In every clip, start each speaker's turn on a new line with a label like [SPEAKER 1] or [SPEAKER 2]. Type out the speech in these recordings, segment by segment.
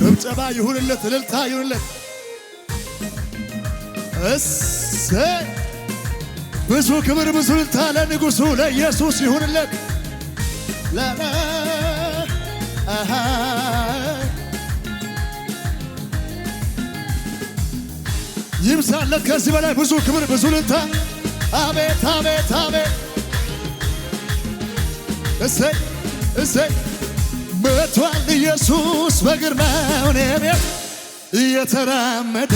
[SPEAKER 1] ጭብጨባ ይሁንለት፣ እልልታ ይሁንለት። እሰይ ብዙ ክብር ብዙ እልልታ ለንጉሱ ለኢየሱስ ይሁንለት። ይብዛለት ከዚህ በላይ ብዙ ክብር ብዙ እልልታ። አቤት አቤት አቤት! እሰይ እሰይ መቷል ኢየሱስ በግርማው ነቢያት እየተራመደ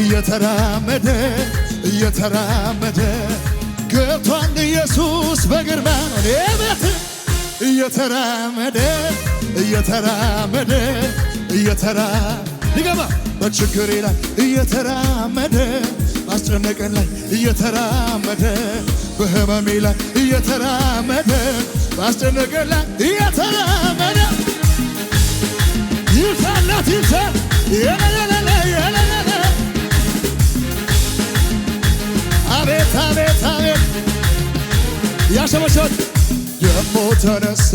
[SPEAKER 1] እየተራመደ እየተራመደ ገብቷል ኢየሱስ በግርማው ነቢያት እየተራመደ እየተራመደ እየተራ ይገባ በችግሬ ላይ እየተራመደ ማስጨነቀን ላይ እየተራመደ በህመሜ ላይ እየተራመደ ባስደነገላ እየተለመደ ይብሳላት ይብሳ የለለለ የለለለ አቤት አቤት አቤት ያሸበሸት ደግሞ ተነሳ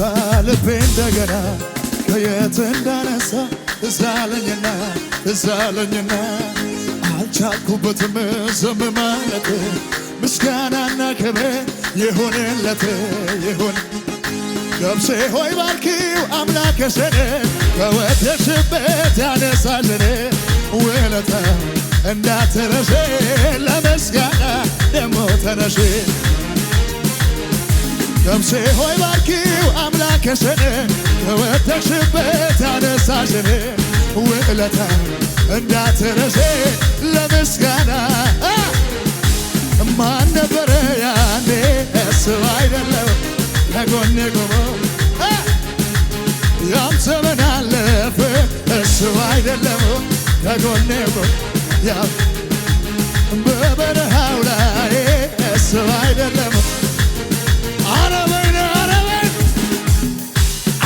[SPEAKER 1] ልቤ እንደገና ከየት እንዳነሳ እዛለኝና እዛለኝና አልቻልኩበትም ዝም ማለት ምስጋናና ክብር ይሁንለት ይሁን ነፍሴ ሆይ ባርኪው አምላክ ሰኔ ከወደቅሽበት ያነሳልን ውለታ እንዳትረሺ ለመስጋና ደሞ ተነሺ ነፍሴ ሆይ ባርኪው አምላክ ሰኔ ከወደቅሽበት ያነሳልን ውለታ እንዳትረሺ ለመስጋና ማን ነበረ ያኔ እሱ አይደለም ከጎኔ ቆሞ ሰው አይደለም ከጎኔ ያ በበረሃው ላይ ሰው አይደለም አረበን አረበን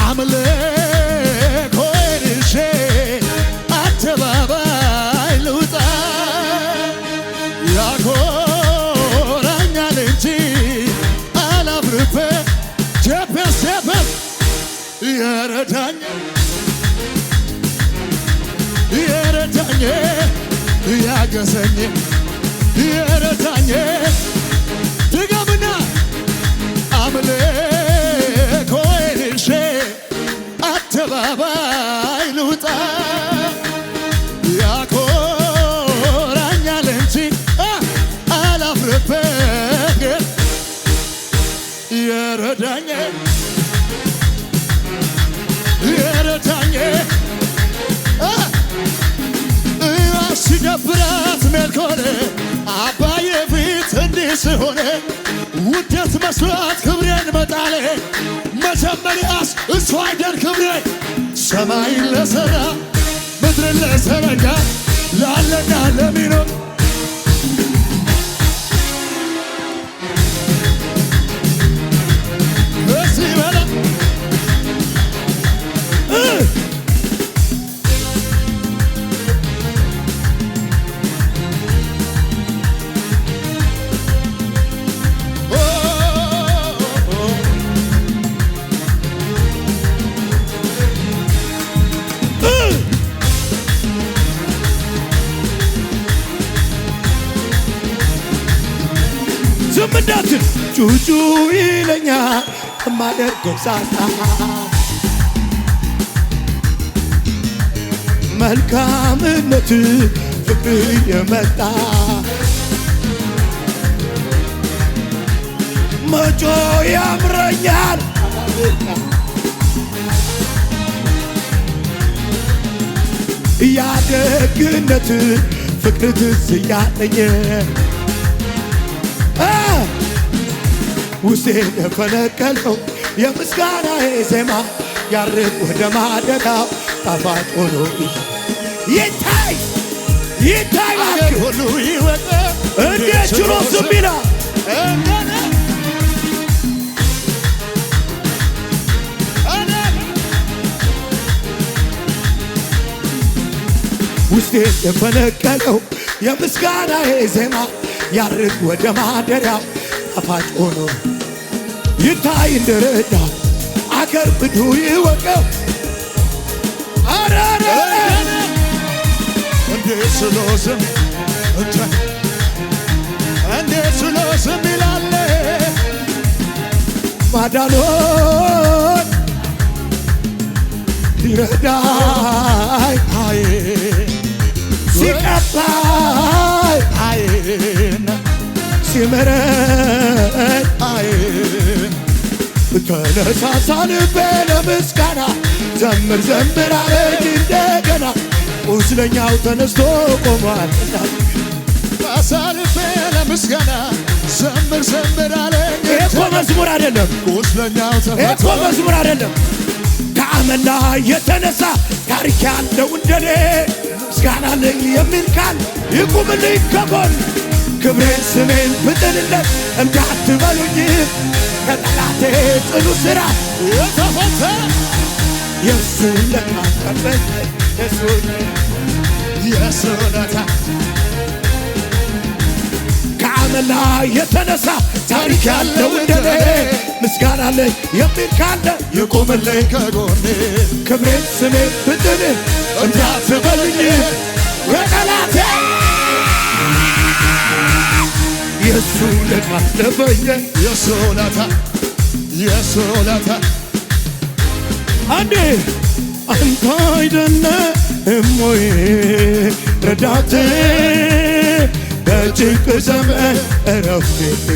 [SPEAKER 1] አምልኮ ንሼ አደባባይ ልውጣ ያኮራኛል እንጂ አላፍርበት ጀበስ ጀበስ ይረዳኛል ያገሰኝ የረዳኝ የፍራት መልክ ሆነ አባዬ ፊት እንዲህ ስሆነ ውደት መስራት ክብሬን መጣለ መጀመሪያስ እሱ አይደል ክብሬ ሰማይን ለሰራ ምድርን ለዘረጋ ላለና ለሚኖር ከማደርገው ሳሳ መልካምነት ፍቅር የመጣ መጮ ያምረኛል እያደግነት ፍቅር ትዝ ያለኝ ውስጤ የፈነቀለው የምስጋና ዜማ ያርቅ ወደ ማደዳው ጣፋጭ ሆኖ ይታይ ይታይ አገር ሁሉ ይወጣ እንደ ችሮስ ዝም ይላል የፈነቀለው የምስጋና ዜማ ያርግ ወደ ማደዳው ጣፋጭ ሆኖ ይታይ እንደረዳ አገር ብዱ ይወቀው አራረ እንዴት ስሎ ዝም እንዴት ስሎ ዝም ይላለ ማዳኖን ሊረዳይ አይ ሲቀባይ አይና ሲመረን አይ ተነሳሳ ልቤ ለምስጋና ዘምር ዘምር አለኝ እንደገና ቁስለኛው ተነስቶ ቆሟልና ሳሳ ልቤ ለምስጋና ዘምር ዘምር አለኝ እኮ መዝሙር አይደለም ቁስለኛው እኮ መዝሙር አይደለም ከአመና የተነሳ ታሪክ ያለው እንደኔ ምስጋና የሚል ቃል ይቁምልኝ ከጎን ክብሬን ስሜን ብጥልለት እንዳትበሉኝ ከጠላቴ ጥሉ ስራ የተፈተ የእሱን ለታ ቀበት የሱን ከአመላ የተነሳ ታሪክ ያለው እንደኔ ምስጋና ላይ የሚል ካለ ይቁምልኝ ከጎኔ ክብሬን ስሜን ብጥል እንዳትበሉኝ ከጠላቴ አንዴ አንተ አይደለም ወይ ረዳቴ በጭንቅ ዘመን እረፍቴ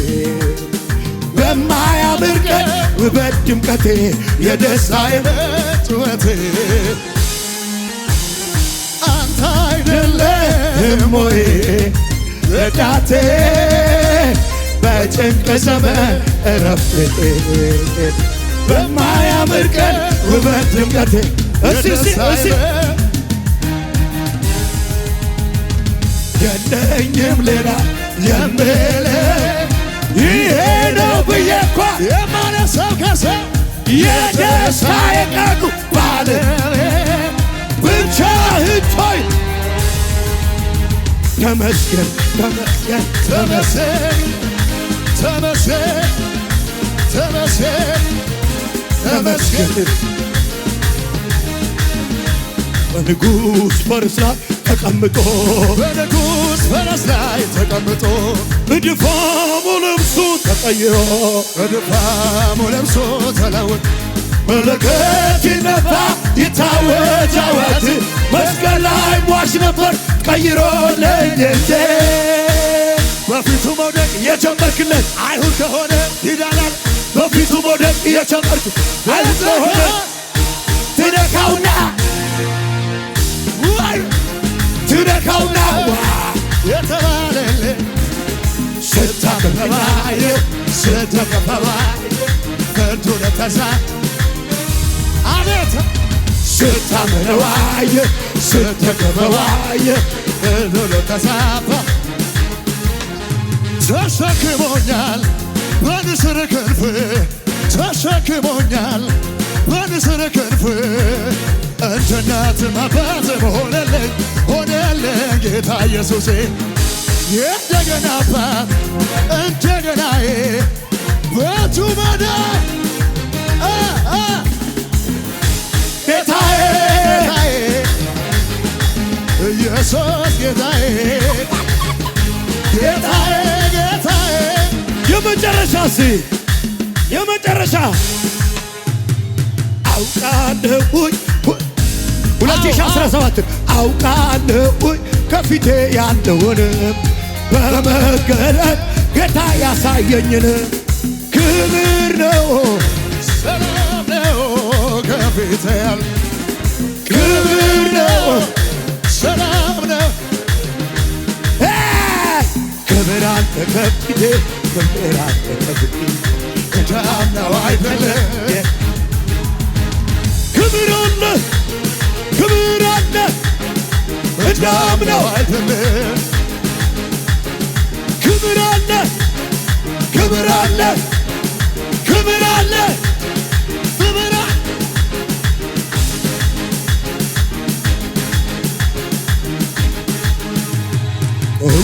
[SPEAKER 1] በማያምር ቀን ውበት ድምቀቴ የደስታዬ ጩኸቴ አንተ አይደለም ወይ ረዳቴ በጭንቅ ዘመን እረፍቴ በማያምር ቀን ውበት ድምቀቴ የለኝም ሌላ የምል ይሄ ነው ብዬ እኳ የማነሳው ከሰው የደስታ የቃሉ ባለ ብቻ ህቶይ ተመስገን ተመስገን ተመስገን ተመስገን ተመስገን ተመስገን በንጉሥ ፈረስ ላይ ተቀምጦ በንጉሥ ፈረስ ላይ ተቀምጦ በድፋሙ ልብሱ ተቀይሮ በድፋሙ ልብሱ ተለውጦ መለከት ይነፋ ይታወጅ አዋጅ መስቀል ላይ ሟች ነበር ቀይሮልኝ እንዴ በፊቱ መውደቅ የጀመርክለት አይሁድ ከሆነ ይዳናል። በፊቱ መውደቅ የጀመርክ አይሁድ ከሆነ ትነካውና ትነካውና የተባለል ስታከበባየ ስታከበባየ ከንቱ ለተሳ አቤት ስታምነዋየ ስትገበዋየ እልሎ ተሳባ ተሸክሞኛል በንስር ክንፍ ተሸክሞኛል በንስር ክንፍ እንደ እናትም አባትም ሆነልኝ ሆነልኝ ጌታ ኢየሱሴ እንደገና አባት እንደገናዬ በቱ መዳን ኢየሱስ ጌታዬ ጌታዬ ጌታዬ የመጨረሻ ሲ የመጨረሻ አውቃለሁኝ 2017 አውቃለሁኝ ከፊቴ ያለውን በመገለጥ ጌታ ያሳየኝን ክብር ነው ሰላም ነው ከፊቴ ያለ ክብር ነው ሰላም መምህራን ተከፍቴ መምህራን ተከፍቴ ከጃናው አይፈለ ክብር አለ ክብር አለ ከጃናው አይፈለ ክብር አለ ክብር አለ ክብር አለ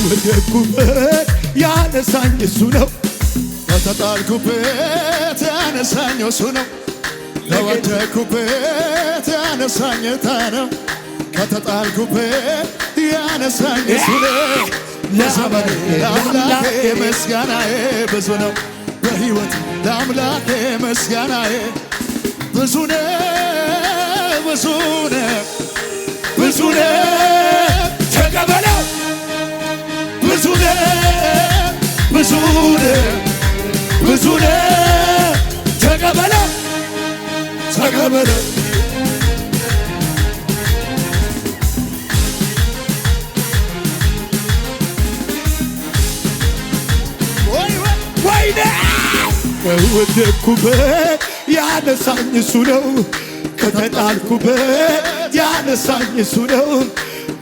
[SPEAKER 1] ከወደኩበት ያነሳኝ እሱ ነው። ከተጣልኩበት ያነሳኝ እሱ ነው። ከወደኩበት ያነሳኝ ታ ነው። ከተጣልኩበት ያነሳኝ እሱ ነው። ለዘመኔ ለአምላኬ ምስጋናዬ ብዙ ነው። በሕይወት ለአምላኬ ምስጋናዬ ብዙ ነው። ብዙ ነው። ብዙ ነው። ተቀበለ ብዙ ነህ ብዙ ብዙ ነህ ተቀበለው ተቀበለው ያነሳኝ እሱ ነው ከተጣልኩበት ያነሳኝ እሱ ነው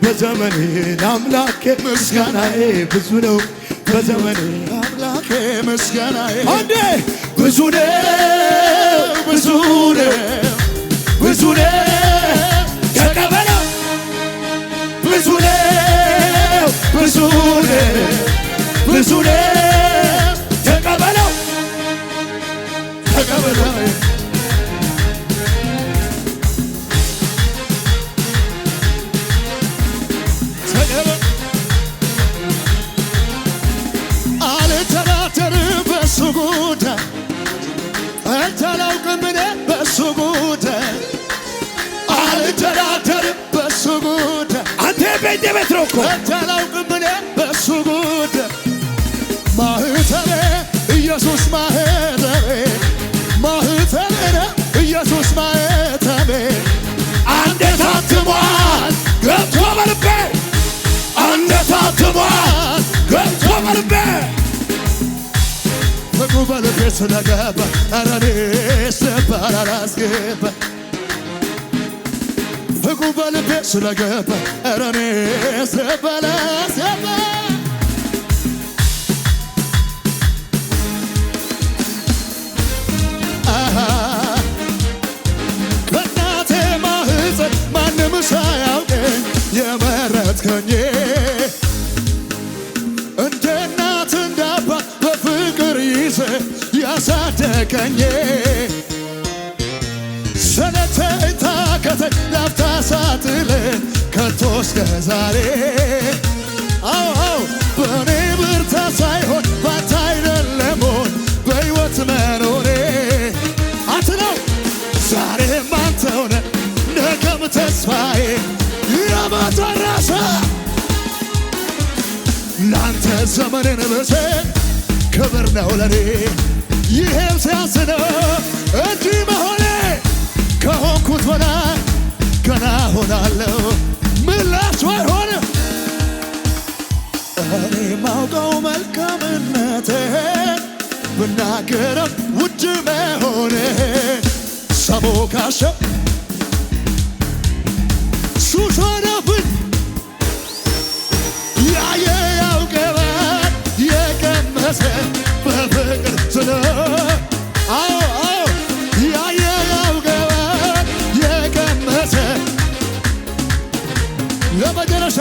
[SPEAKER 1] በዘመኔ ለአምላኬ ምስጋናዬ ብዙ ነው። በዘመኔ ለአምላኬ ምስጋናዬ አንዴ ብዙ ነው ብዙ ነው ብዙ ነው ተቀበለው ብዙ ነው ብዙ ነው ብዙ ነው አልተላውቅም እኔ በሱ ጉዳይ አልደራደርም በሱ ጉዳይ አንተ በእንደ ቤት ነው እኮ አልተላውቅም እኔ በሱ ጉዳይ ማህተቤ ኢየሱስ ማህተቤ ማህተቤ ኢየሱስ ማህተቤ በልቤ ስለገባ እረኔስ ነበር አላስገባ ህጉ በልቤ ስለገባ እረኔስ ነበር አላስገባ ከኝ ስለተይታ ከተኝ ላፍታ ሳትለን ከቶ እስከ ዛሬ አው በእኔ ብርታ ሳይሆን ባንተ አይደለም በሕይወት መኖሬ አንተ ነው ዛሬም አንተው ነህ ነገም ተስፋዬ የመጨረሻ ላንተ ዘመኔን ብሰጥ ክብር ነው ለኔ ይሄም ሲያስነው እንጂ መሆኔ ከሆንኩት በላይ ገና ሆናለሁ ምላሽ ባይሆን እኔ ማውቀው መልካምነትህን ብናገረም ውድ መሆኔ ሰቦ ካሸ ሱሶነብን ያየ ያውቀባል የቀመሰ በፍቅር ትነ አዎ ያየው ገበን የቀመሰ ለመጨረሻ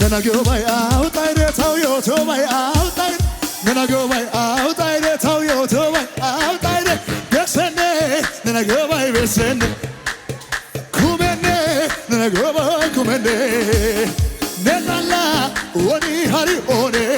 [SPEAKER 1] ለነገው ባይ አውጣይ ሬታው የወቶ ባይ አውጣይ ለነገው ባይ አውጣይ ሬታው የወቶ ባይ አውጣይ ደሰኔ ለነገው ባይ ቤሰኔ ኩመኔ ለነገው ባይ ኩመኔ ነናላ ወኒ ሀሪ ኦኔ